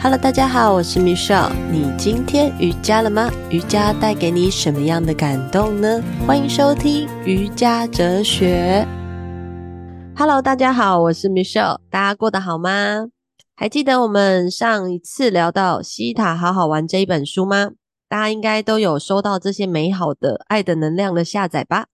哈嘍，大家好，我是 Michelle。你今天瑜伽了嗎？瑜伽帶給你什麼樣的感動呢？歡迎收聽瑜伽哲學。哈嘍，大家好，我是 Michelle。大家過得好嗎？還記得我們上一次聊到《希塔好好玩》這一本書嗎？大家應該都有收到這些美好的愛的能量的下載吧？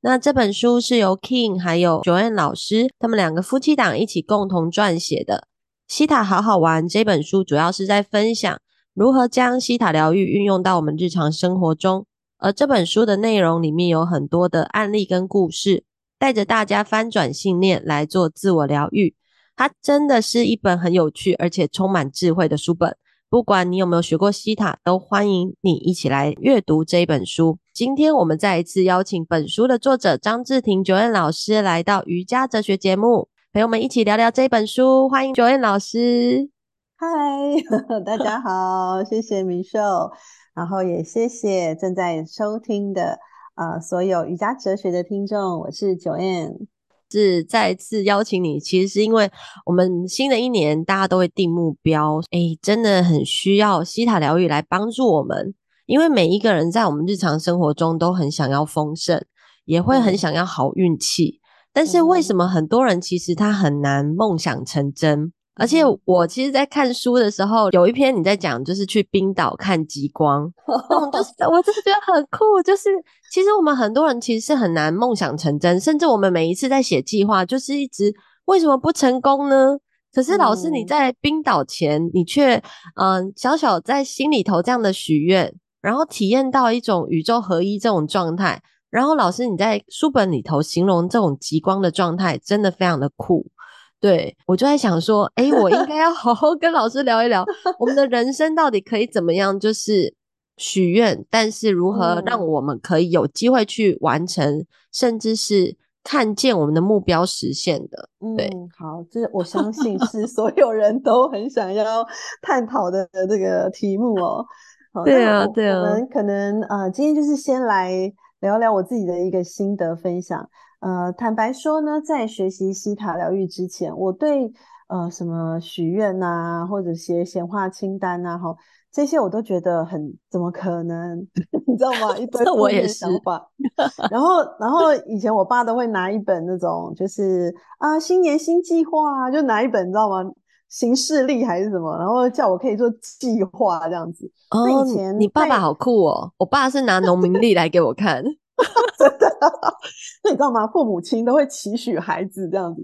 那這本書是由 King 還有 Joanne 老師他們兩個夫妻檔一起共同撰寫的。《希塔好好玩》這本書主要是在分享如何將希塔療癒運用到我們日常生活中，而這本書的內容裡面有很多的案例跟故事，帶着大家翻轉信念來做自我療癒。它真的是一本很有趣而且充滿智慧的書本，不管你有沒有學過希塔，都歡迎你一起來閱讀這本書。今天我們再一次邀請本書的作者張志婷 Joanne 老師來到瑜伽哲學節目，陪我們一起聊聊這本書，歡迎 Joanne 老師。嗨，大家好， 謝謝 Michelle，然後也謝謝正在收聽的啊、呃、所有瑜伽哲學的聽眾。我是 Joanne。是，再次邀請你，其實是因為我們新的一年大家都會定目標，哎，真的很需要希塔療癒來幫助我們，因為每一個人在我們日常生活中都很想要豐盛，也會很想要好運氣。嗯嗯但是為什麼很多人其實他很難夢想成真，嗯？而且我其實，在看書的時候，有一篇你在講，就是去冰島看極光、 嗯，就是我就是覺得很酷。就是其實我們很多人其實是很難夢想成真，甚至我們每一次在寫計劃，就是一直為什麼不成功呢？可是老師，你在冰島前，嗯，你卻嗯、呃、小小在心裡頭這樣的許願，然後體驗到一種宇宙合一這種狀態。然後老師，你在書本裡頭形容這種極光的狀態，真的非常的酷。對，我就在想說，哎，我應該要好好跟老師聊一聊， 我們的人生到底可以怎麼樣，就是許願，但是如何讓我們可以有機會去完成，嗯、甚至是看見我們的目標實現的對。嗯，好，這我相信是所有人都很想要探討的這個題目哦。對啊，對啊，我們可能啊、呃，今天就是先來。聊聊我自己的一個心得分享。呃，坦白說呢，在學習希塔療癒之前，我對呃什麼許願吶、啊，或者寫顯化清單吶、啊，哈，這些我都覺得很怎麼可能，你知道嗎？一堆我也想法。 然後，然後以前我爸都會拿一本那種，就是啊新年新計劃、啊，就拿一本，你知道嗎？行事曆還是什麼，然後叫我可以做計劃這樣子。哦、oh,，那以前，你爸爸好酷哦！ 我爸是拿農民曆來給我看， 真的 那你知道嗎？父母親都會期許孩子這樣子。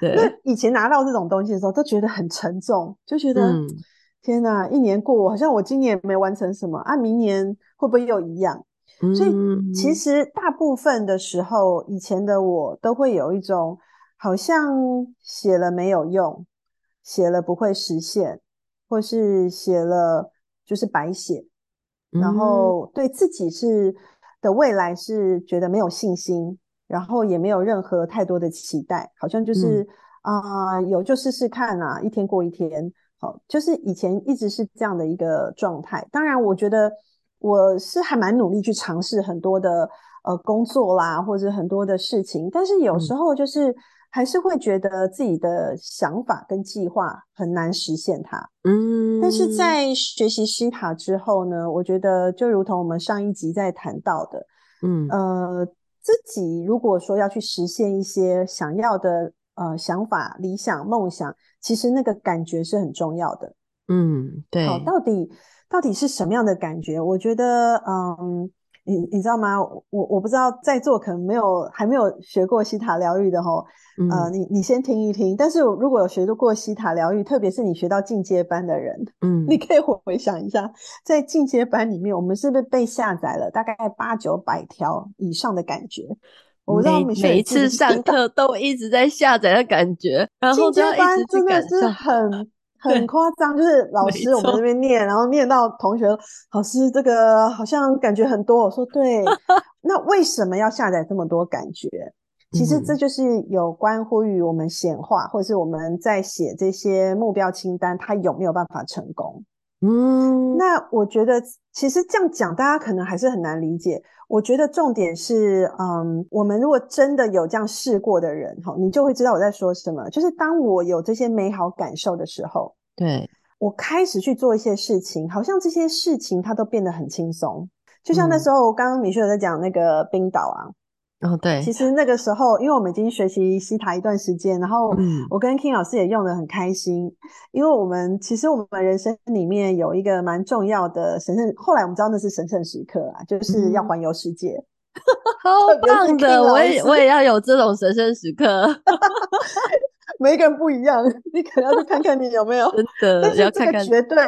對，那以前拿到這種東西的時候，都覺得很沉重，就覺得、嗯、天吶一年過，好像我今年沒完成什麼啊，明年會不會又一樣、嗯？所以其實大部分的時候，以前的我都會有一種好像寫了沒有用。寫了不會實現，或是寫了就是白寫，嗯、然後對自己是的未來是覺得沒有信心，然後也沒有任何太多的期待，好像就是啊、嗯呃，有就試試看啊，一天過一天，好、哦，就是以前一直是這樣的一個狀態。當然，我覺得我是還蠻努力去嘗試很多的呃工作啦，或者很多的事情，但是有時候就是。嗯還是會覺得自己的想法跟計劃很難實現它，它嗯，但是在學習希塔之後呢，我覺得就如同我們上一集在談到的，嗯呃，自己如果說要去實現一些想要的呃想法、理想、夢想，其實那個感覺是很重要的，嗯，對，哦、到底到底是什麼樣的感覺？我覺得嗯。你你知道嗎？我我不知道在座可能沒有還沒有學過希塔療癒的吼、嗯，呃，你你先聽一聽。但是如果有學過希塔療癒，特別是你學到進階班的人，嗯，你可以回想一下，在進階班裡面，我們是不是被下載了大概八九百條以上的感覺？我不知道每每一次上課都一直在下載的感覺，然後就一直真的是很。很誇張，就是老師我們這邊念，然後念到同學，老師這個好像感覺很多。我說對， 那為什麼要下載這麼多感覺？其實這就是有關乎於我們顯化，或者是我們在寫這些目標清單，它有沒有辦法成功？嗯，那我覺得其實這樣講，大家可能還是很難理解。我覺得重點是，嗯，我們如果真的有這樣試過的人，哈，你就會知道我在說什麼。就是當我有這些美好感受的時候，對，我開始去做一些事情，好像這些事情它都變得很輕鬆。就像那時候我剛剛 Michelle 在講那個冰島啊。哦，對，其實那個時候，因為我們已經學習希塔一段時間，然後我跟 King 老師也用得很開心、嗯，因為我們其實我們人生裡面有一個蠻重要的神聖，後來我們知道那是神聖時刻啊，就是要環遊世界，嗯、好棒的，我也我也要有這種神聖時刻， 每個人不一樣，你可能要去看看你有沒有 真的，這個要看看絕對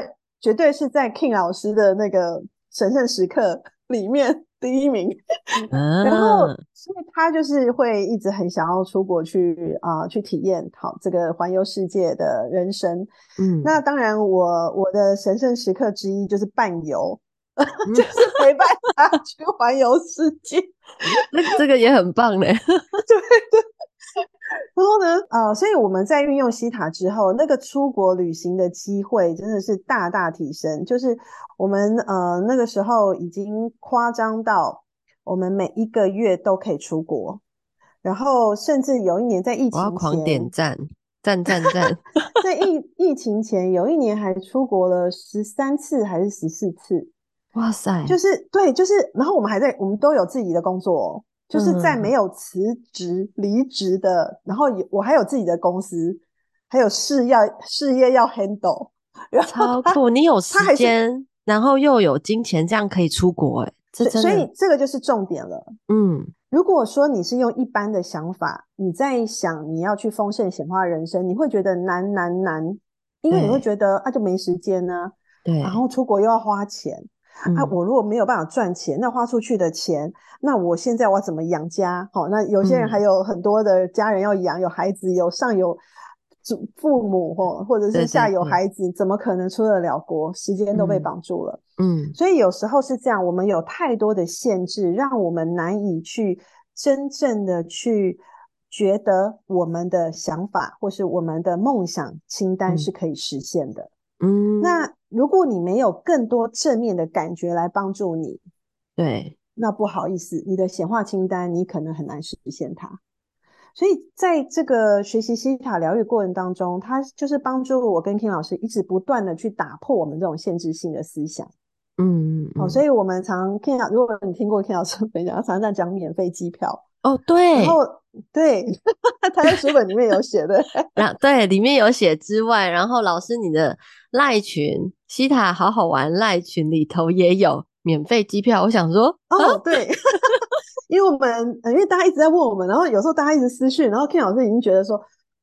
絕對是在 King 老師的那個神聖時刻裡面。第一名，啊、然後所以他就是會一直很想要出國去啊、呃，去體驗好這個環遊世界的人生。嗯，那當然我，我我的神聖時刻之一就是伴遊，嗯、 就是陪伴他去環遊世界。 那這個也很棒嘞。 對對。然後呢，啊、呃，所以我們在運用希塔之後，那個出國旅行的機會真的是大大提升。就是我們呃那個時候已經誇張到我們每一個月都可以出國，然後甚至有一年在疫情前，狂點贊，贊贊贊， 在疫疫情前有一年還出國了十三次還是十四次。哇塞！就是對，就是然後我們還在，我們都有自己的工作，哦。就是在沒有辭職、離、嗯、職的，然後有，我還有自己的公司，還有事要事業要 handle，然後超酷，你有時間，然後又有金錢，這樣可以出國誒、欸、這真的所以，所以這個就是重點了。嗯，如果說你是用一般的想法，你在想你要去豐盛顯化人生，你會覺得難難難，因為你會覺得啊，就沒時間呢、啊，對，然後出國又要花錢。那、啊、我如果沒有辦法賺錢，那花出去的錢，那我現在我要怎麼養家？好、哦，那有些人還有很多的家人要養、嗯，有孩子，有上有祖父母，或或者是下有孩子，怎麼可能出得了國？時間都被綁住了嗯。嗯，所以有時候是這樣，我們有太多的限制，讓我們難以去真正的去覺得我們的想法或是我們的夢想清單是可以實現的。嗯，嗯那。如果你沒有更多正面的感覺來幫助你，對，那不好意思，你的顯化清單你可能很難實現它。所以在這個學習希塔療癒過程當中，它就是幫助我跟 King 老師一直不斷的去打破我們這種限制性的思想。嗯，好、嗯，哦，所以我們常，常 King 老如果你聽過 King 老師分享，他常常講免費機票哦，對，然後對， 他在書本裡面有寫的 啊，對，裡面有寫之外，然後老師你的賴群。希塔好好玩，賴群裡頭也有免費機票。我想說，啊、哦，對， 因為我們呃，因為大家一直在問我們，然後有時候大家一直私訊，然後 Ken 老師已經覺得說，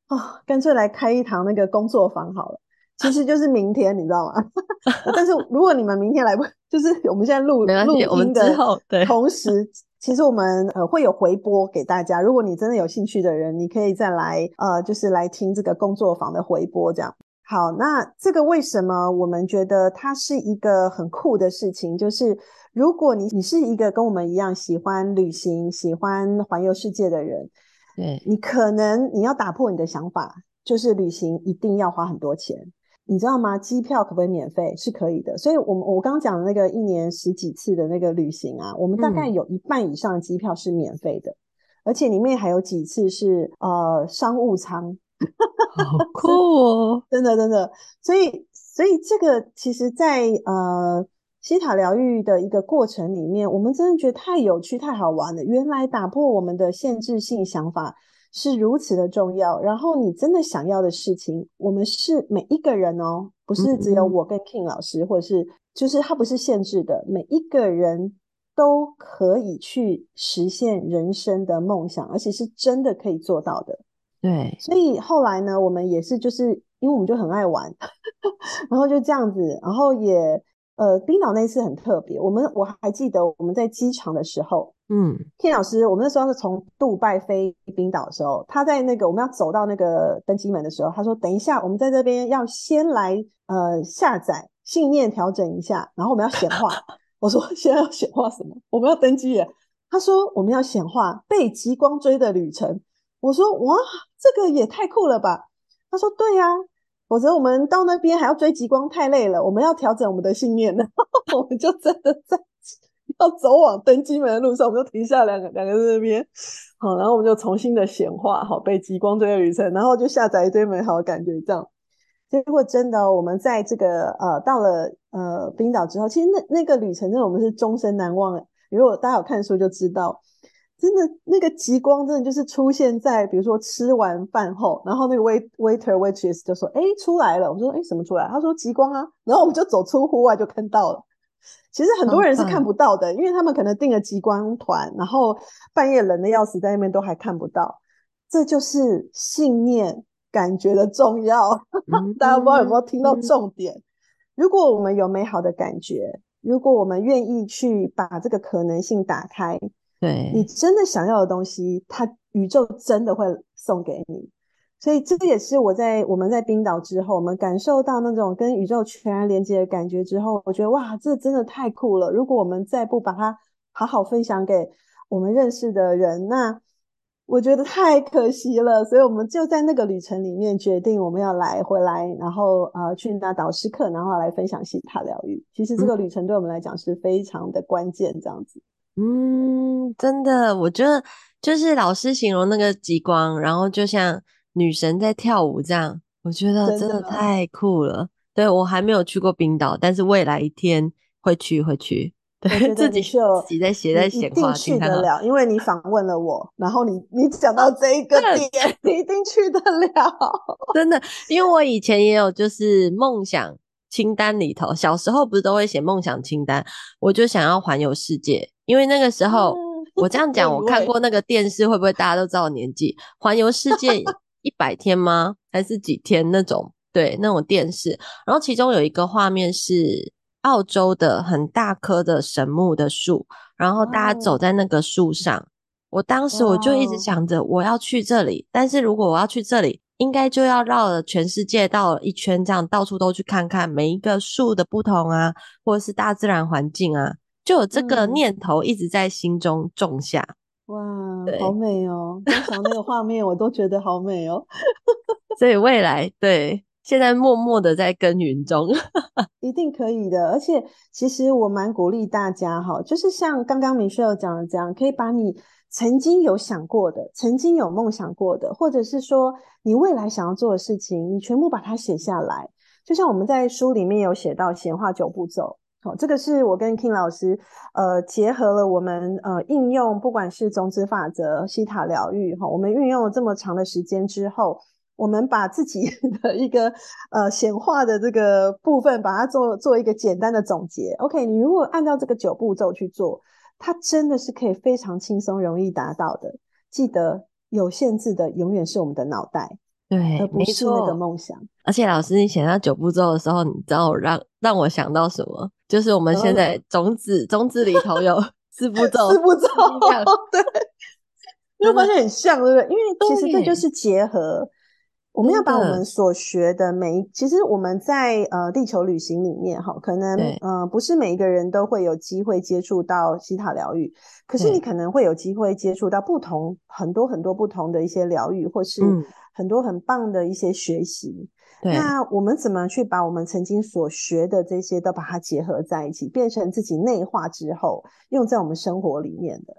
啊、哦，乾脆來開一堂那個工作坊好了。其實就是明天， 你知道嗎？ 但是如果你們明天來，就是我們現在錄錄音我們之後，對，同時其實我們呃會有回播給大家。如果你真的有興趣的人，你可以再來呃，就是來聽這個工作坊的回播這樣。好，那這個為什麼我們覺得它是一個很酷的事情？就是如果你你是一個跟我們一樣喜歡旅行、喜歡環遊世界的人，對你可能你要打破你的想法，就是旅行一定要花很多錢，你知道嗎？機票可不可以免費？是可以的。所以我們，我們我剛剛講的那個一年十幾次的那個旅行啊，我們大概有一半以上的機票是免費的，嗯，而且裡面還有幾次是呃商務艙。好酷哦 真！真的，真的。所以，所以這個其實在，在呃希塔療癒的一個過程裡面，我們真的覺得太有趣、太好玩了。原來打破我們的限制性想法是如此的重要。然後，你真的想要的事情，我們是每一個人哦，不是只有我跟 King 老師，嗯嗯或者是就是他不是限制的，每一個人都可以去實現人生的夢想，而且是真的可以做到的。對，所以後來呢，我們也是，就是因為我們就很愛玩，然後就這樣子，然後也呃，冰島那次很特別，我們我還記得我們在機場的時候，嗯，K 老師，我們那時候是從杜拜飛冰島的時候，他在那個我們要走到那個登機門的時候，他說等一下，我們在這邊要先來呃下載信念調整一下，然後我們要顯化。 我說現在要顯化什麼？我們要登機耶。他說我們要顯化被極光追的旅程。我說哇，這個也太酷了吧！他說，對呀、啊，否則我們到那邊還要追極光，太累了。我們要調整我們的信念呢。我們就真的在要走往登機門的路上，我們就停下兩個兩個在那邊。好，然後我們就重新的顯化，好被極光追的旅程，然後就下載一堆美好的感覺。這樣，結果真的、哦，我們在這個呃到了呃冰島之後，其實那那個旅程，真的我們是終身難忘的。如果大家有看書就知道。真的，那個極光真的就是出現在，比如說吃完飯後，然後那個 wait waiter waitress 就說：“哎、欸，出來了。”我們說：“哎、欸，什麼出來？”他說：“極光啊。”然後我們就走出戶外就看到了。其實很多人是看不到的，因為他們可能訂了極光團，然後半夜冷的要死，在那邊都還看不到。這就是信念感覺的重要。 大家不知道有沒有聽到重點、嗯嗯？如果我們有美好的感覺，如果我們願意去把這個可能性打開。對你真的想要的東西，它，宇宙真的會送給你。所以，這個也是我在我們在冰島之後，我們感受到那種跟宇宙全然連接的感覺之後，我覺得哇，這真的太酷了！如果我們再不把它好好分享給我們認識的人，那我覺得太可惜了。所以，我們就在那個旅程裡面決定，我們要來回來，然後啊、呃，去拿導師課，然後來分享希塔療癒。其實，這個旅程對我們來講是非常的關鍵，這樣子。嗯嗯，真的，我覺得就是老師形容那個極光，然後就像女神在跳舞這樣，我覺得真的太酷了。對，我還沒有去過冰島，但是未來一天會去，會去。對自己去，自己在寫，在寫，在寫話，你一定去得了。因為你訪問了我，然後你你想到這一個點， 你一定去得了。 真的，因為我以前也有就是夢想清單裡頭，小時候不是都會寫夢想清單，我就想要環遊世界。因為那個時候，我這樣講，我看過那個電視，會不會大家都知道我年紀？環遊世界一百天嗎？還是幾天那種？對，那種電視。然後其中有一個畫面是澳洲的很大棵的神木的樹，然後大家走在那個樹上。我當時我就一直想着，我要去這裡。但是如果我要去這裡，應該就要繞了全世界到一圈，這樣到處都去看看每一個樹的不同啊，或者是大自然環境啊。就有這個念頭一直在心中種下，嗯、哇，好美哦！剛才那個畫面我都覺得好美哦。 所以未來，對，現在默默的在耕耘中， 一定可以的。而且，其實我蠻鼓勵大家哈、哦，就是像剛剛 Michelle 講的這樣，可以把你曾經有想過的、曾經有夢想過的，或者是說你未來想要做的事情，你全部把它寫下來。就像我們在書裡面有寫到閒話九步驟。哦，這個是我跟 King 老師，呃，結合了我們呃應用，不管是種子法則、希塔療癒，哈、哦，我們運用了這麼長的時間之後，我們把自己的一個呃顯化的這個部分，把它做做一個簡單的總結。OK，你如果按照這個九步驟去做，它真的是可以非常輕鬆、容易達到的。記得，有限制的永遠是我們的腦袋。對，而不是那個夢想。沒錯。夢想，而且老師，你寫到九步驟的時候，你知道我讓讓我想到什麼？就是我們現在種子種、嗯、子裡頭有四步驟， 四步驟，對，因為發現很像，對不對？因為其實這就是結合。我們要把我們所學的每一，其實我們在呃地球旅行裡面哈，可能呃不是每一個人都會有機會接觸到希塔療癒，可是你可能會有機會接觸到不同很多很多不同的一些療癒，或是，嗯很多很棒的一些學習，那我們怎麼去把我們曾經所學的這些都把它結合在一起，變成自己內化之後用在我們生活裡面的？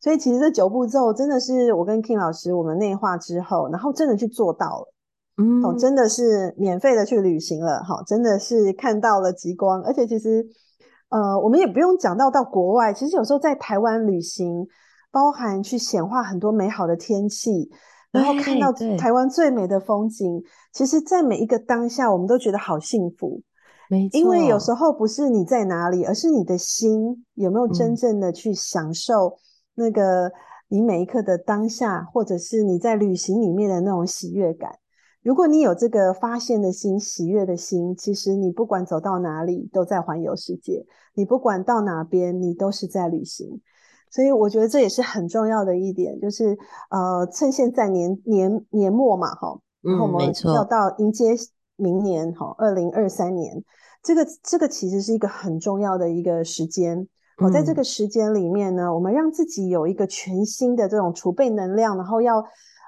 所以其實這九步驟真的是我跟 King 老師我們內化之後，然後真的去做到了，嗯，哦，真的是免費的去旅行了，好，真的是看到了極光，而且其實，呃，我們也不用講到到國外，其實有時候在台灣旅行，包含去顯化很多美好的天氣。然後看到台灣最美的風景，其實，在每一個當下，我們都覺得好幸福。沒錯。因為有時候不是你在哪裡，而是你的心有沒有真正的去享受那個你每一刻的當下，嗯，或者是你在旅行裡面的那種喜悅感。如果你有這個發現的心，喜悅的心，其實你不管走到哪裡，都在環遊世界；你不管到哪邊，你都是在旅行。所以我覺得這也是很重要的一點，就是呃，趁現在年年年末嘛，哈，然後我們要到迎接明年哈，二零二三年，這個這個其實是一個很重要的一個時間。我、哦、在這個時間裡面呢，我們讓自己有一個全新的這種儲備能量，然後要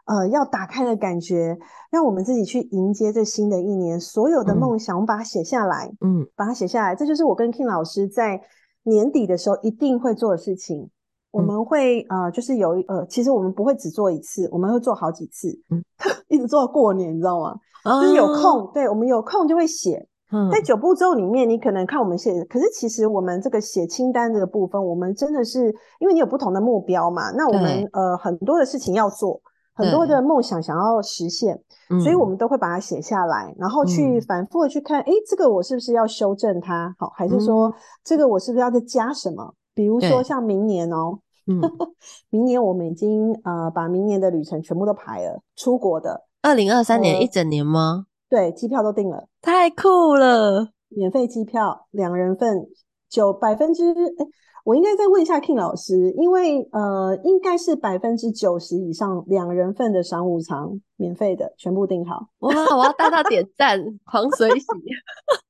呃要打開的感覺，讓我們自己去迎接這新的一年，所有的夢想，我們把它寫下來，嗯，把它寫下來，這就是我跟 King 老師在年底的時候一定會做的事情。我們會啊、嗯呃，就是有一呃，其實我們不會只做一次，我們會做好幾次，嗯、 一直做到過年，你知道嗎？嗯、就是有空，對，我們有空就會寫。嗯，在九步驟裡面，你可能看我們寫，可是其實我們這個寫清單這個部分，我們真的是因為你有不同的目標嘛，那我們呃很多的事情要做，很多的夢想想要實現、嗯，所以我們都會把它寫下來，然後去反覆的去看，哎、嗯欸，這個我是不是要修正它？好，還是說、嗯、這個我是不是要再加什麼？比如說像明年哦、喔，嗯、 明年我們已經呃把明年的旅程全部都排了，出國的，二零二三年一整年嗎？呃、對，機票都定了，太酷了，免費機票，兩人份，九百分之，欸、我應該再問一下 King 老師，因為呃應該是百分之九十以上兩人份的商務艙免費的全部定好，哇，我要大大點讚，狂 隨喜。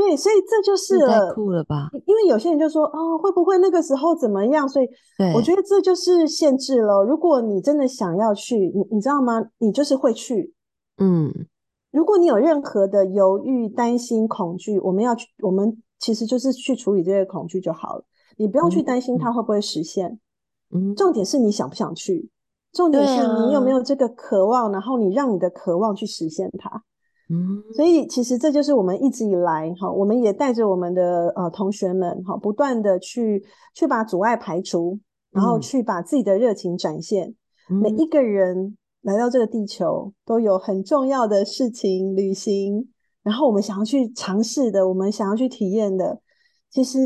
對，所以這就是，了是太酷了吧？因為有些人就說啊、哦，會不會那個時候怎麼樣？所以我覺得這就是限制了。如果你真的想要去，你你知道嗎？你就是會去。嗯，如果你有任何的猶豫、擔心、恐懼，我們要去，我們其實就是去處理這些恐懼就好了。你不用去擔心它會不會實現。嗯，嗯，重點是你想不想去？重點是你有沒有這個渴望、啊，然後你讓你的渴望去實現它。嗯，所以其實這就是我們一直以來哈，我們也帶着我們的呃同學們哈，不斷的去去把阻礙排除，然後去把自己的熱情展現。每一個人來到這個地球，都有很重要的事情旅行，然後我們想要去嘗試的，我們想要去體驗的，其實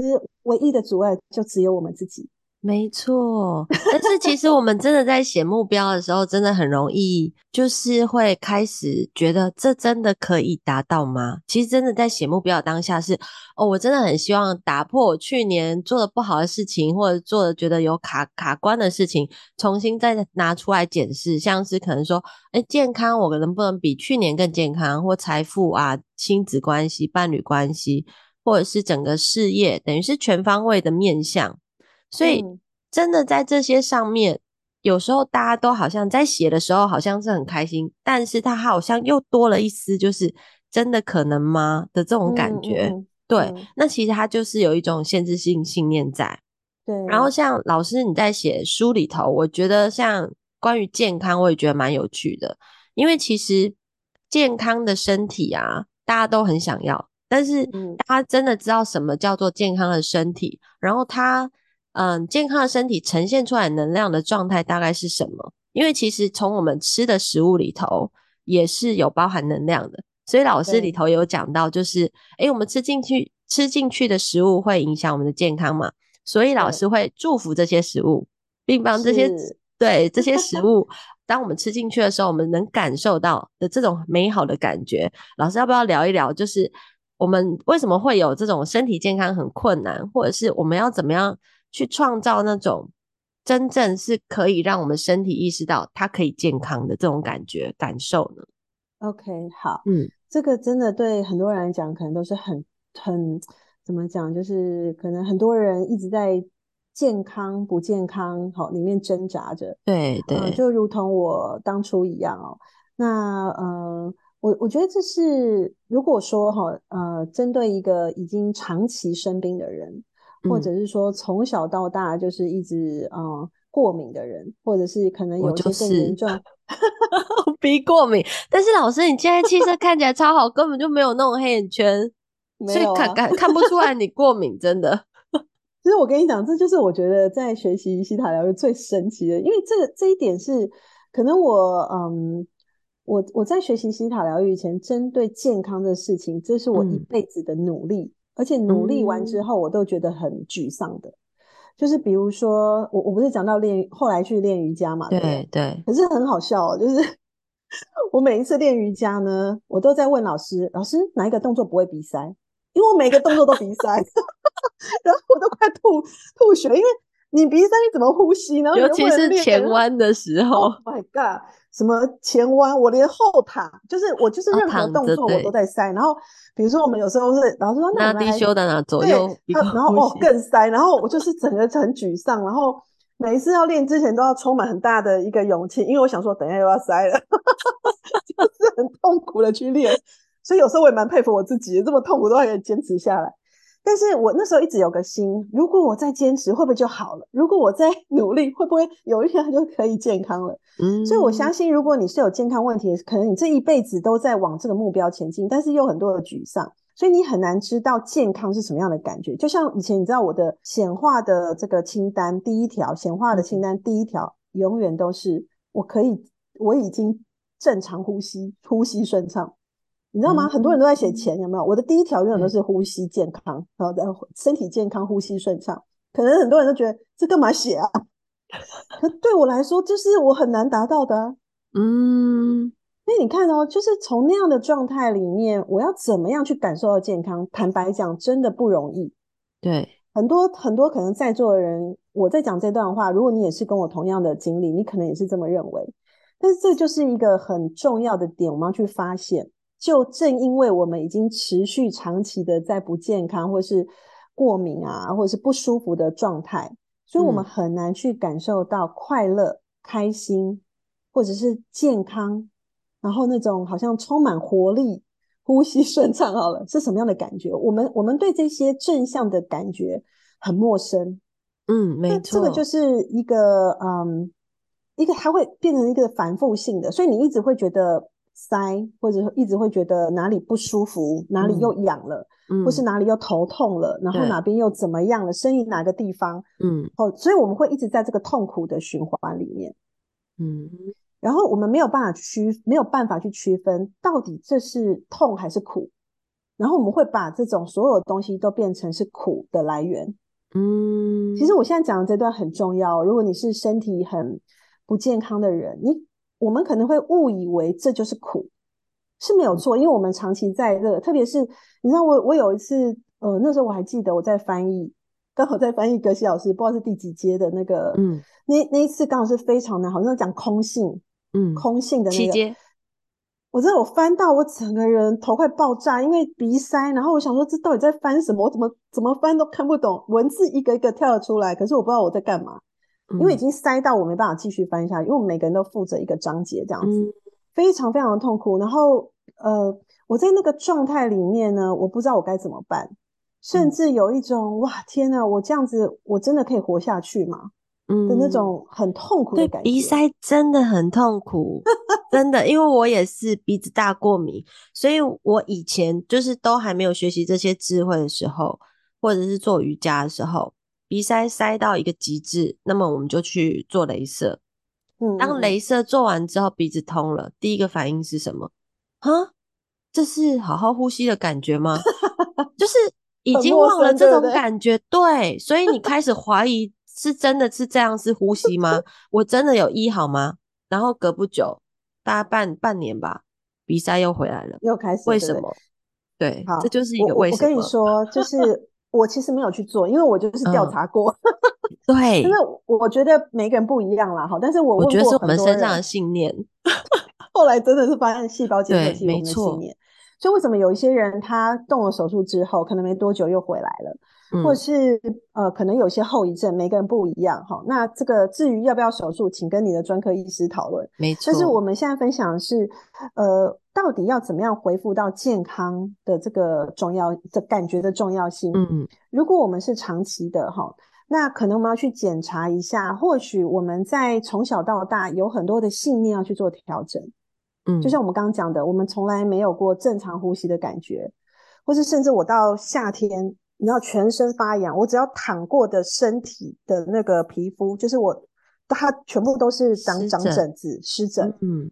唯一的阻礙就只有我們自己。沒錯，但是其實我們真的在寫目標的時候，真的很容易就是會開始覺得這真的可以達到嗎？其實真的在寫目標的當下是哦，我真的很希望打破我去年做的不好的事情，或者做的覺得有卡卡關的事情，重新再拿出來檢視，像是可能說，誒、欸、健康我能不能比去年更健康，或財富啊、親子關係、伴侶關係，或者是整個事業，等於是全方位的面向。所以，真的在這些上面、嗯，有時候大家都好像在寫的時候，好像是很開心，但是他好像又多了一絲，就是真的可能嗎的這種感覺。嗯嗯、對、嗯，那其實他就是有一種限制性信念在。對，然後像老師你在寫書裡頭，我覺得像關於健康，我也覺得蠻有趣的，因為其實健康的身體啊，大家都很想要，但是大家真的知道什麼叫做健康的身體，然後他。嗯，健康的身體呈現出來能量的狀態大概是什麼？因為其實從我們吃的食物裡頭也是有包含能量的，所以老師裡頭有講到，就是誒，我們吃進去吃進去的食物會影響我們的健康嘛。所以老師會祝福這些食物，並幫這些對這些食物， 當我們吃進去的時候，我們能感受到的這種美好的感覺。老師要不要聊一聊，就是我們為什麼會有這種身體健康很困難，或者是我們要怎麼樣？去創造那種真正是可以讓我們身體意識到它可以健康的這種感覺感受呢？OK，好，嗯，這個真的對很多人來講，可能都是很很怎麼講，就是可能很多人一直在健康不健康好，喔，裡面掙扎着。對對，呃，就如同我當初一樣哦，喔。那呃，我我覺得這是如果說哈呃，針對一個已經長期生病的人。或者是說從小到大就是一直嗯，嗯，過敏的人，或者是可能有些更嚴重，就是，鼻 過敏。但是老師，你現在氣色看起來超好， 根本就沒有那種黑眼圈，沒有啊，所以看看看不出來你過敏，真的。 其實我跟你講，這就是我覺得在學習希塔療癒最神奇的，因為這個這一點是可能我嗯，我我在學習希塔療癒以前，針對健康的事情，這是我一輩子的努力。嗯而且努力完之後，我都覺得很沮喪的、嗯。就是比如說，我我不是講到練後來去練瑜伽嘛？對對，對。可是很好笑、哦，就是我每一次練瑜伽呢，我都在問老師：“老師，哪一個動作不會鼻塞？”因為我每個動作都鼻塞， 然後我都快吐吐血，因為你鼻塞你怎麼呼吸呢？尤其是前彎的時候、oh，My God！什麼前彎，我連後躺，就是我就是任何的動作我都在塞。哦、然後比如說我們有時候是老師說那低修的哪做？對，啊、然後我、哦、更塞，然後我就是整個很沮喪。然後每一次要練之前都要充滿很大的一個勇氣，因為我想說我等一下又要塞了，哈哈哈，就是很痛苦的去練。所以有時候我也蠻佩服我自己，這麼痛苦都還可以堅持下來。但是我那時候一直有個心，如果我再堅持，會不會就好了？如果我再努力，會不會有一天就可以健康了？嗯，所以我相信，如果你是有健康問題，可能你這一輩子都在往這個目標前進，但是又很多的沮喪，所以你很難知道健康是什麼樣的感覺。就像以前，你知道我的顯化的這個清單，第一條、嗯、顯化的清單第一條永遠都是我可以，我已經正常呼吸，呼吸順暢。你知道嗎、嗯？很多人都在寫錢，有沒有？我的第一條永遠都是呼吸健康，嗯、然後的身體健康，呼吸順暢。可能很多人都覺得這幹嘛寫啊？可對我來說，就是我很難達到的、啊。嗯，因為你看哦，就是從那樣的狀態裡面，我要怎麼樣去感受到健康？坦白講，真的不容易。對，很多很多可能在座的人，我在講這段話，如果你也是跟我同樣的經歷，你可能也是這麼認為。但是這就是一個很重要的點，我們要去發現。就正因為我們已經持續長期的在不健康，或是過敏啊，或者是不舒服的狀態，所以我們很難去感受到快樂、開心，或者是健康，然後那種好像充滿活力、呼吸順暢。好了是，是什麼樣的感覺？我們我們對這些正向的感覺很陌生。嗯，沒錯，但這個就是一個嗯，一個它會變成一個反複性的，所以你一直會覺得。塞，或者一直會覺得哪裡不舒服，哪裡又癢了，嗯、或是哪裡又頭痛了、嗯，然後哪邊又怎麼樣了，生於哪個地方，嗯，哦，所以我們會一直在這個痛苦的循環裡面，嗯，然後我們沒有辦法去區，沒有辦法去區分到底這是痛還是苦，然後我們會把這種所有東西都變成是苦的來源，嗯，其實我現在講的這段很重要，如果你是身體很不健康的人，你。我們可能會誤以為這就是苦，是沒有錯，因為我們長期在這，特別是你知道我，我我有一次，呃，那時候我還記得我在翻譯，剛好在翻譯格西老師，不知道是第幾階的那個，嗯，那那一次剛好是非常難，好像講空性，嗯，空性的那個，七階，我知道我翻到我整個人頭快爆炸，因為鼻塞，然後我想說這到底在翻什麼？我怎麼怎麼翻都看不懂，文字一個一個跳出來，可是我不知道我在幹嘛。因為已經塞到我沒辦法繼續翻下去、嗯，因為我們每個人都負責一個章節這樣子、嗯，非常非常的痛苦。然後，呃，我在那個狀態裡面呢，我不知道我該怎麼辦，甚至有一種、嗯、哇天吶，我這樣子我真的可以活下去嗎？嗯的那種很痛苦的感覺。對，鼻塞真的很痛苦， 真的，因為我也是鼻子大過敏，所以我以前就是都還沒有學習這些智慧的時候，或者是做瑜伽的時候。鼻塞塞到一個極致，那麼我們就去做雷射。嗯、當雷射做完之後，鼻子通了，第一個反應是什麼？啊，這是好好呼吸的感覺嗎？ 就是已經忘了這種感覺。對對，對。所以你開始懷疑，是真的是這樣是呼吸嗎？ 我真的有醫好嗎？然後隔不久，大概半，半年吧，鼻塞又回來了，又開始為什麼？對，這就是一個為什麼。我，我跟你說，就是。 我其實沒有去做，因為我就是調查過，嗯、對，因 為我覺得每個人不一樣啦，哈，但是我問過很多，我覺得是我們身上的信念， 後來真的是發現細胞結合器我們的信念，所以為什麼有一些人他動了手術之後，可能沒多久又回來了。或者是呃，可能有些後遺症，每個人不一樣哈、哦。那這個至於要不要手術，請跟你的專科醫師討論。沒錯，就是我們現在分享的是，呃，到底要怎麼樣恢復到健康的這個重要的感覺的重要性。嗯，如果我們是長期的哈、哦，那可能我們要去檢查一下，或許我們在從小到大有很多的信念要去做調整。嗯，就像我們剛剛講的，我們從來沒有過正常呼吸的感覺，或是甚至我到夏天。你要全身發癢，我只要躺過的身體的那個皮膚，就是我，它全部都是長長疹子、濕疹，嗯，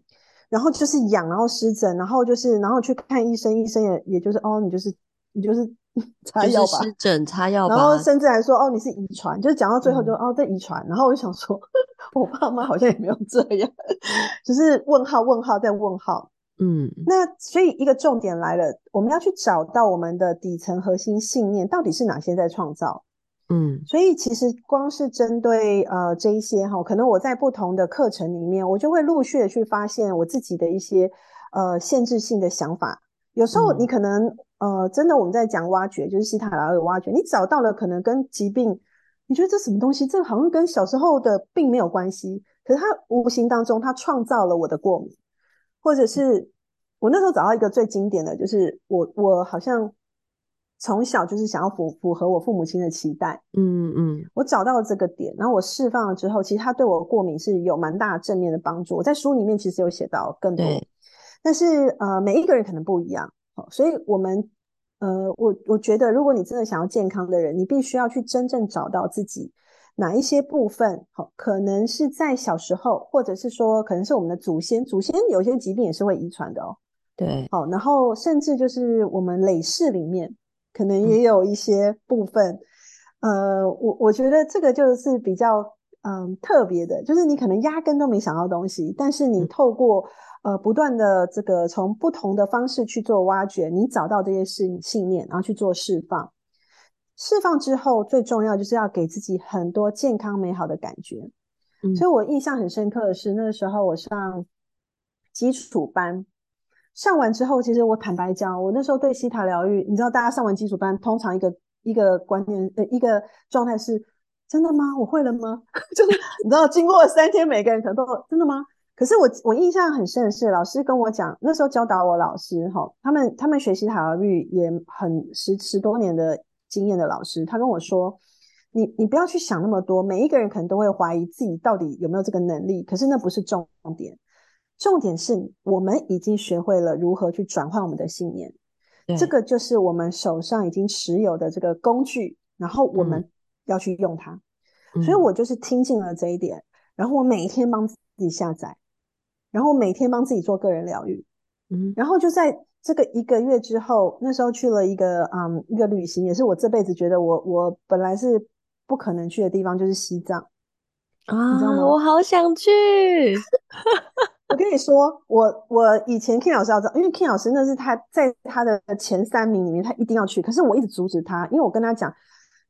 然後就是癢，然後濕疹，然後就是，然後去看醫生，醫生也也就是，哦，你就是你就是擦藥吧，就是、濕疹擦藥吧，然後甚至還說，哦，你是遺傳，就是講到最後就、嗯、哦這遺傳，然後我就想說呵呵，我爸媽好像也沒有這樣，就是問號問號再問號。嗯，那所以一個重點來了，我們要去找到我們的底層核心信念到底是哪些在創造。嗯，所以其實光是針對呃這一些哈，可能我在不同的課程裡面，我就會陸續的去發現我自己的一些呃限制性的想法。有時候你可能、嗯、呃真的我們在講挖掘，就是希塔療癒挖掘，你找到了可能跟疾病，你覺得這什麼東西，這好像跟小時候的病沒有關係，可是它無形當中它創造了我的過敏。或者是我那時候找到一個最經典的，就是我我好像從小就是想要符符合我父母親的期待，嗯嗯，我找到了這個點，然後我釋放了之後，其實他對我過敏是有蠻大的正面的幫助。我在書裡面其實有寫到更多，但是呃每一個人可能不一樣，哦，所以我們呃我我覺得如果你真的想要健康的人，你必須要去真正找到自己。哪一些部分好、哦？可能是在小時候，或者是說，可能是我們的祖先，祖先有些疾病也是會遺傳的哦。對，好、哦，然後甚至就是我們累世裡面，可能也有一些部分。嗯、呃，我我覺得這個就是比較嗯、呃、特別的，就是你可能壓根都沒想到東西，但是你透過、嗯、呃不斷的這個從不同的方式去做挖掘，你找到這些信信念，然後去做釋放。釋放之後，最重要就是要給自己很多健康美好的感覺。嗯、所以我印象很深刻的是，那個時候我上基礎班上完之後，其實我坦白講，我那時候對西塔療癒，你知道，大家上完基礎班，通常一個一個觀念呃一個狀態是：真的嗎？我會了嗎？真 的、就是。你知道，經過了三天，每個人可能都真的嗎？可是我我印象很深的是，老師跟我講，那時候教導我老師哈，他們他們學西塔療癒也很十十多年的。經驗的老師，他跟我說：“你你不要去想那麼多，每一個人可能都會懷疑自己到底有沒有這個能力，可是那不是重點，重點是我們已經學會了如何去轉換我們的信念，這個就是我們手上已經持有的這個工具，然後我們要去用它。嗯、所以，我就是聽進了這一點，然後我每一天幫自己下載，然後每天幫自己做個人療癒，然後就在。”這個一個月之後，那時候去了一個嗯一個旅行，也是我這輩子覺得我我本來是不可能去的地方，就是西藏啊、哦，你知道嗎？我好想去。 我跟你說，我我以前 King 老師要走，因為 King 老師那是他在他的前三名裡面，他一定要去。可是我一直阻止他，因為我跟他講，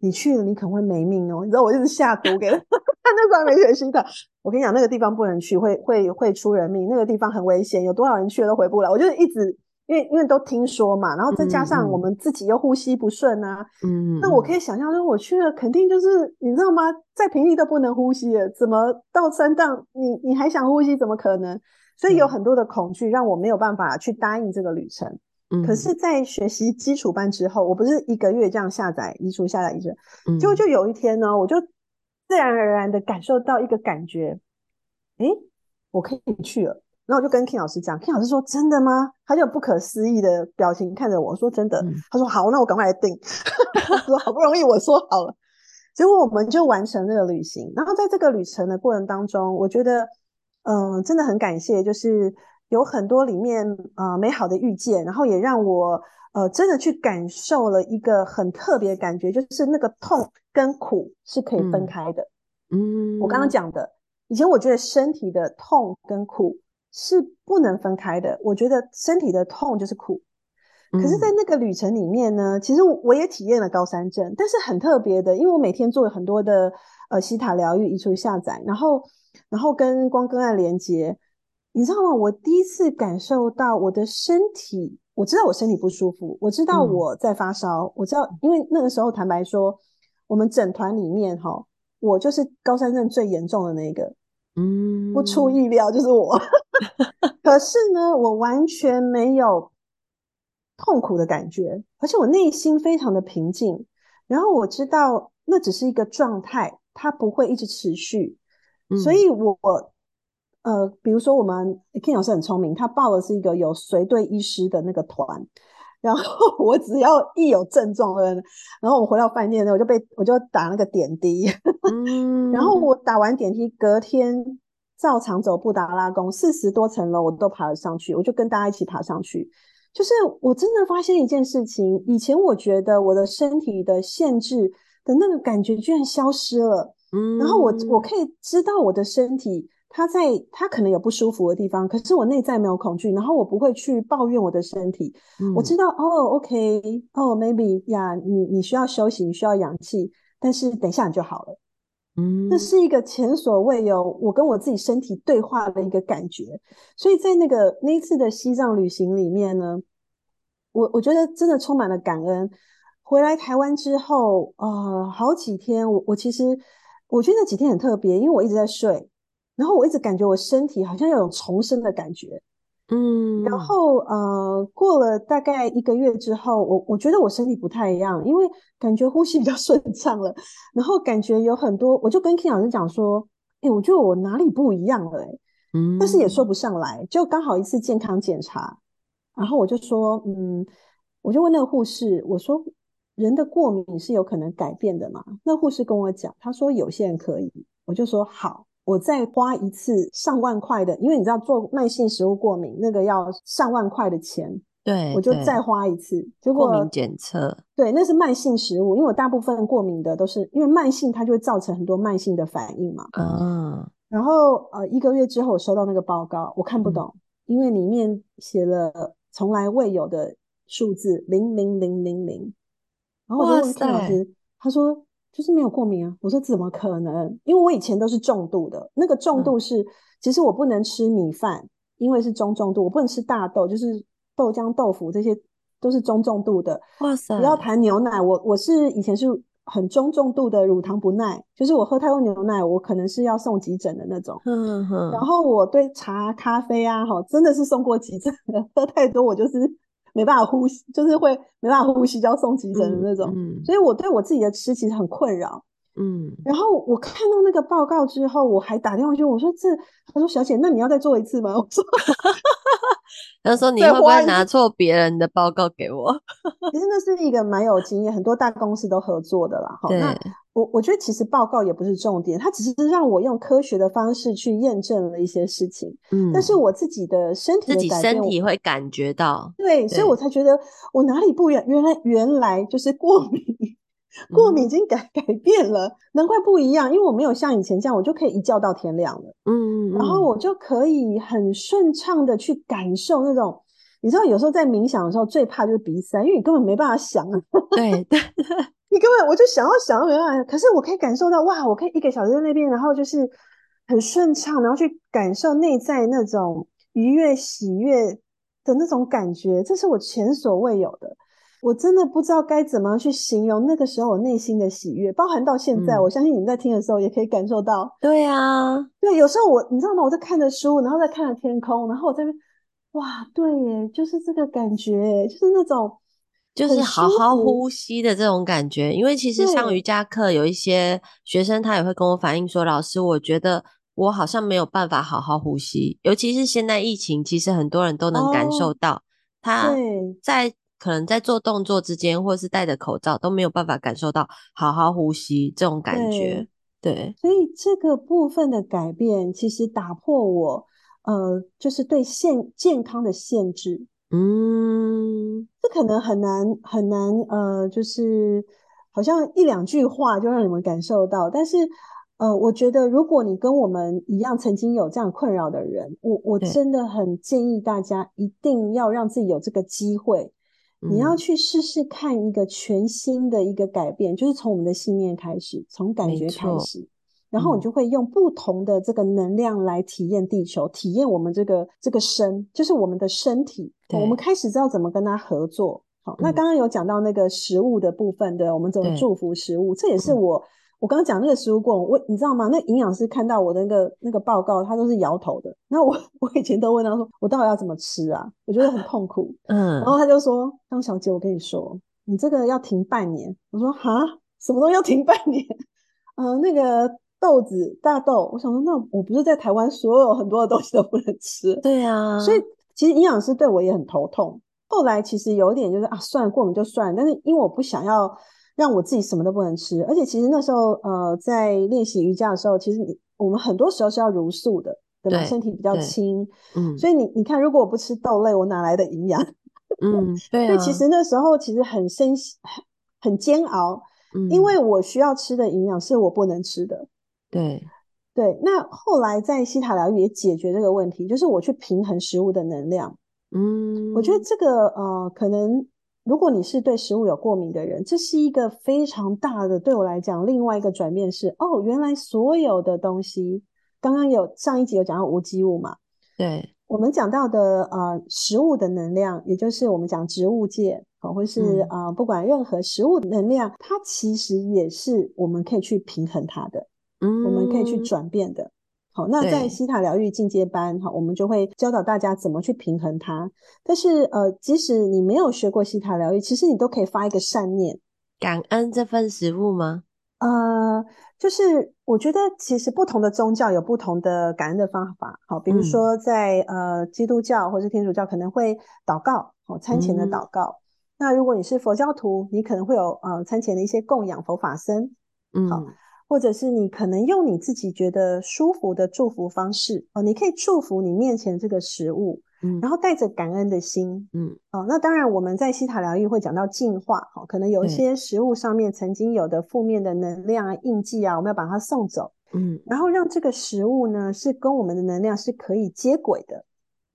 你去了你可能會沒命哦、喔，你知道我就是下毒給他，他 那時候還沒決心的。我跟你講，那個地方不能去，會會會出人命，那個地方很危險，有多少人去了都回不來。我就一直。因為因為都聽說嘛，然後再加上我們自己又呼吸不順啊，嗯、嗯，那我可以想象說，我去了肯定就是嗯嗯你知道嗎，在平地都不能呼吸了，怎麼到山檔你你還想呼吸？怎麼可能？所以有很多的恐懼讓我沒有辦法去答應這個旅程。嗯、可是，在學習基礎班之後，我不是一個月這樣下載、移除、下、嗯、載、移除，就就有一天呢，我就自然而然的感受到一個感覺，哎、欸，我可以去了。然後就跟 King 老師講，King 老師說：“真的嗎？”他就不可思議的表情看着我,我說：“真的。”他說：“好，那我趕快來訂。 ”說：“好不容易 我說好了。”結果我們就完成那個旅行。然後在這個旅程的過程當中，我覺得，嗯、呃，真的很感謝，就是有很多裡面、呃、美好的遇見，然後也讓我呃真的去感受了一個很特別的感覺，就是那個痛跟苦是可以分開的。嗯，嗯我剛剛講的，以前我覺得身體的痛跟苦。是不能分開的。我覺得身體的痛就是苦，可是，在那個旅程裡面呢，嗯、其實我也體驗了高山症。但是很特別的，因為我每天做了很多的呃西塔療癒移除下載，然後然後跟光跟愛連接，你知道嗎？我第一次感受到我的身體，我知道我身體不舒服，我知道我在發燒，嗯、我知道，因為那個時候坦白說，我們整團裡面哈、哦，我就是高山症最嚴重的那個。嗯， 不出意料就是我， 可是呢，我完全沒有痛苦的感覺，而且我內心非常的平靜。然後我知道那只是一個狀態，它不會一直持續。所以我，我 呃，比如說我們 King 老師很聰明，他報的是一個有隨隊醫師的那個團。然後我只要一有症狀，嗯，然後我回到飯店呢，我就被我就打那個點滴，嗯，然後我打完點滴，隔天照常走布達拉宮，四十多層樓我都爬了上去，我就跟大家一起爬上去。就是我真的發現一件事情，以前我覺得我的身體的限制的那個感覺居然消失了，嗯，然後我我可以知道我的身體。他在他可能有不舒服的地方，可是我內在沒有恐懼，然後我不會去抱怨我的身體。嗯、我知道，哦、oh,，OK，哦、oh,，Maybe 呀、yeah.，你你需要休息，你需要氧氣，但是等一下你就好了。嗯，那是一個前所未有我跟我自己身體對話的一個感覺。所以在那個那一次的西藏旅行裡面呢，我我覺得真的充滿了感恩。回來台灣之後啊、呃，好幾天，我我其實我覺得那幾天很特別，因為我一直在睡。然後我一直感覺我身體好像有種重生的感覺，嗯，然後呃，過了大概一個月之後，我我覺得我身體不太一樣，因為感覺呼吸比較順暢了，然後感覺有很多，我就跟 King 老師講說，哎，我覺得我哪裡不一樣了，哎，嗯，但是也說不上來，就剛好一次健康檢查，然後我就說，嗯，我就問那個護士，我說，人的過敏是有可能改變的嗎？那護士跟我講，他說有些人可以，我就說好。我再花一次上萬塊的，因為你知道做慢性食物過敏那個要上萬塊的錢，對，對我就再花一次結果，過敏檢測，對，那是慢性食物，因為我大部分過敏的都是因為慢性，它就會造成很多慢性的反應嘛。嗯、哦，然後呃，一個月之後我收到那個報告，我看不懂，嗯、因為裡面寫了從來未有的數字零,零零零零零，然後我就問看老師，他說，就是沒有過敏啊！我說怎麼可能？因為我以前都是重度的，那個重度是，其實我不能吃米飯，因為是中重度，我不能吃大豆，就是豆漿、豆腐這些都是中重度的。哇塞！不要談牛奶，我我是以前是很中重度的乳糖不耐，就是我喝太多牛奶，我可能是要送急診的那種。嗯哼、嗯。然後我對茶、咖啡啊，吼，真的是送過急診的，喝太多我就是。沒辦法呼吸，就是會沒辦法呼吸，就要送急診的那種嗯。嗯，所以我對我自己的吃其實很困擾。嗯，然後我看到那個報告之後，我還打電話去：“我說這……”他說：“小姐，那你要再做一次嗎？”我說：“他 說 你會不會拿錯別人的報告給我？” 其實那是一個蠻有經驗，很多大公司都合作的啦。哈，對。我我覺得其實報告也不是重點，它只是讓我用科學的方式去驗證了一些事情。嗯，但是我自己的身體的改變，自己身體會感覺到對。對，所以我才覺得我哪裡不一原來原來就是過敏，嗯、過敏已經改改變了，難怪不一樣，因為我沒有像以前這樣，我就可以一覺到天亮了。嗯，嗯然後我就可以很順暢的去感受那種，你知道，有時候在冥想的時候最怕就是鼻塞，因為你根本沒辦法想、啊、對。 你根本我就想要想要沒辦法，可是我可以感受到哇！我可以一個小時在那邊，然後就是很順暢，然後去感受內在那種愉悅、喜悅的那種感覺，這是我前所未有的。我真的不知道該怎麼去形容那個時候我內心的喜悅，包含到現在，嗯、我相信你們在聽的時候也可以感受到。對啊，對，有時候我你知道嗎？我在看着書，然後在看着天空，然後我在那邊，哇，對耶，就是這個感覺，就是那種。就是好好呼吸的這種感覺，因為其實上瑜伽課有一些學生他也會跟我反映說：“老師，我覺得我好像沒有辦法好好呼吸，尤其是現在疫情，其實很多人都能感受到，他在對可能在做動作之間，或是戴着口罩都沒有辦法感受到好好呼吸這種感覺。對”對，所以這個部分的改變其實打破我呃，就是對現健康的限制。嗯，這可能很難很難，呃，就是好像一兩句話就讓你們感受到，但是，呃，我覺得如果你跟我們一樣曾經有這樣困擾的人，我我真的很建議大家一定要讓自己有這個機會、嗯，你要去試試看一個全新的一個改變，就是從我們的信念開始，從感覺開始，沒錯、然後你就會用不同的這個能量來體驗地球，嗯、體驗我們這個這個身，就是我們的身體。我們開始知道怎麼跟他合作。好、喔，那剛剛有講到那個食物的部分，對，我們怎麼祝福食物，這也是我我剛剛講那個食物過敏我你知道嗎？那營養師看到我的那個那個報告，他都是搖頭的。那我我以前都問他說，我到底要怎麼吃啊？我覺得很痛苦。嗯，然後他就說：“張小姐，我跟你說，你這個要停半年。”我說：“啊，什麼東西要停半年？”嗯、呃，那個豆子，大豆。我想說，那我不是在台灣，所有很多的東西都不能吃？對呀、啊。所以。其實營養師對我也很頭痛。後來其實有點就是啊，算了，過敏就算了。但是因為我不想要讓我自己什麼都不能吃，而且其實那時候呃，在練習瑜伽的時候，其實你我們很多時候是要茹素的，對吧？身體比較輕，嗯，所以你你看，如果我不吃豆類，我哪來的營養？ 嗯，對啊。所以其實那時候其實很身心很煎熬，嗯，因為我需要吃的營養是我不能吃的，對。對，那後來在希塔療癒也解決這個問題，就是我去平衡食物的能量。嗯，我覺得這個呃，可能如果你是對食物有過敏的人，這是一個非常大的對我來講另外一個轉變是哦，原來所有的東西，剛剛有上一集有講到無機物嘛，對我們講到的呃食物的能量，也就是我們講植物界，或者是啊、嗯呃、不管任何食物能量，它其實也是我們可以去平衡它的。 我們可以去轉變的。好，那在希塔療癒進階班，好，我們就會教導大家怎麼去平衡它。但是，呃，即使你沒有學過希塔療癒，其實你都可以發一個善念，感恩這份食物嗎？呃，就是我覺得其實不同的宗教有不同的感恩的方法。好，比如說在、嗯、呃基督教或是天主教可能會禱告，哦，餐前的禱告、嗯。那如果你是佛教徒，你可能會有呃餐前的一些供養佛法僧，嗯，好。或者是你可能用你自己覺得舒服的祝福方式哦，你可以祝福你面前這個食物，嗯，然後帶着感恩的心，嗯，哦，那當然我們在希塔療癒會講到淨化，哈、哦，可能有些食物上面曾經有的負面的能量、啊、印記啊，我們要把它送走，嗯，然後讓這個食物呢是跟我們的能量是可以接軌的，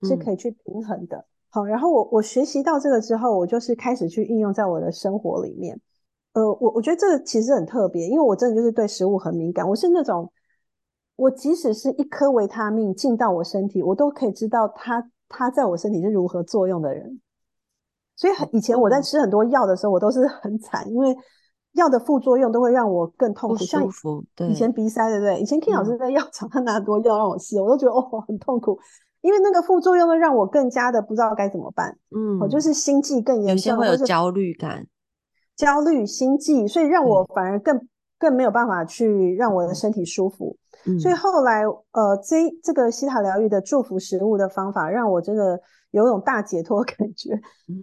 是可以去平衡的。嗯、好，然後我我學習到這個之後，我就是開始去應用在我的生活裡面。呃，我我覺得這個其實很特別，因為我真的就是對食物很敏感。我是那種，我即使是一顆維他命進到我身體，我都可以知道它它在我身體是如何作用的人。所以很以前我在吃很多藥的時候、嗯，我都是很慘，因為藥的副作用都會讓我更痛苦，舒服，對以前鼻塞，對不對？以前 King、嗯、老師在藥廠，他拿多藥讓我試，我都覺得哦很痛苦，因為那個副作用會讓我更加的不知道該怎麼辦。嗯，我、哦、就是心悸更嚴重，有些會有焦慮感。焦慮、心悸，所以讓我反而更更沒有辦法去讓我的身體舒服。所以後來，呃，這這個希塔療癒的祝福食物的方法，讓我真的有一種大解脫感覺。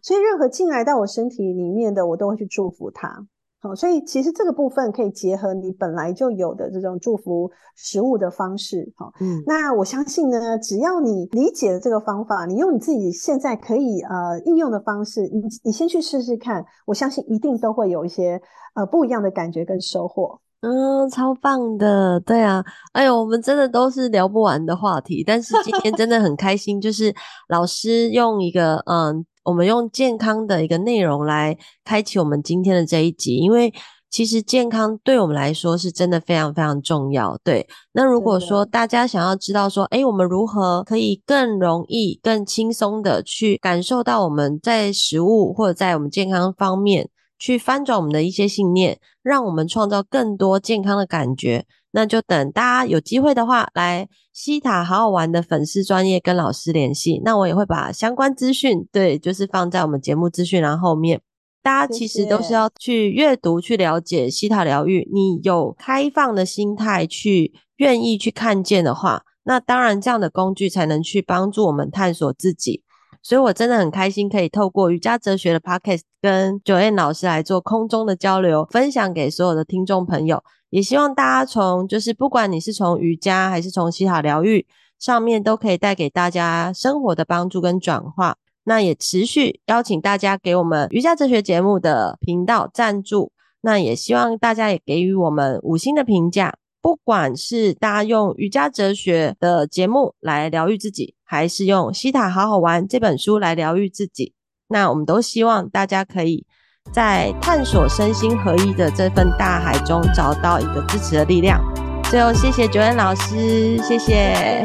所以任何進來到我身體裡面的，我都會去祝福它。好、哦，所以其實這個部分可以結合你本來就有的這種祝福食物的方式。哦、嗯，那我相信呢，只要你理解了這個方法，你用你自己現在可以呃應用的方式，你你先去試試看，我相信一定都會有一些呃不一樣的感覺跟收穫。嗯，超棒的，對啊，哎呦，我們真的都是聊不完的話題，但是今天真的很開心， 就是老師用一個嗯。我們用健康的一個內容來開啟我們今天的這一集，因為其實健康對我們來說是真的非常非常重要。對，那如果說大家想要知道說，哎、欸，我們如何可以更容易、更輕鬆的去感受到我們在食物或者在我們健康方面去翻轉我們的一些信念，讓我們創造更多健康的感覺。那就等大家有機會的話，來希塔好好玩的粉絲專頁跟老師聯繫。那我也會把相關資訊，對，就是放在我們節目資訊欄後面。大家其實都是要去閱讀、去了解希塔療癒。你有開放的心態，去願意去看見的話，那當然這樣的工具才能去幫助我們探索自己。所以，我真的很開心，可以透過瑜伽折學的 Podcast 跟 Joanne 老師來做空中的交流，分享給所有的聽眾朋友。也希望大家從就是，不管你是從瑜伽還是從希塔療癒上面，都可以帶給大家生活的幫助跟轉化。那也持續邀請大家給我們瑜伽折學節目的頻道贊助。那也希望大家也給予我們五星的評價，不管是大家用瑜伽折學的節目來療癒自己。還是用《希塔好好玩》這本書來療癒自己。那我們都希望大家可以在探索身心合一的這份大海中，找到一個支持的力量。最後，謝謝 Joanne 老師，謝謝。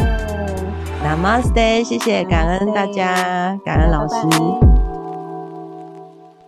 那、嗯、Namaste，謝謝，Namaste，感恩大家，感恩老師。拜拜。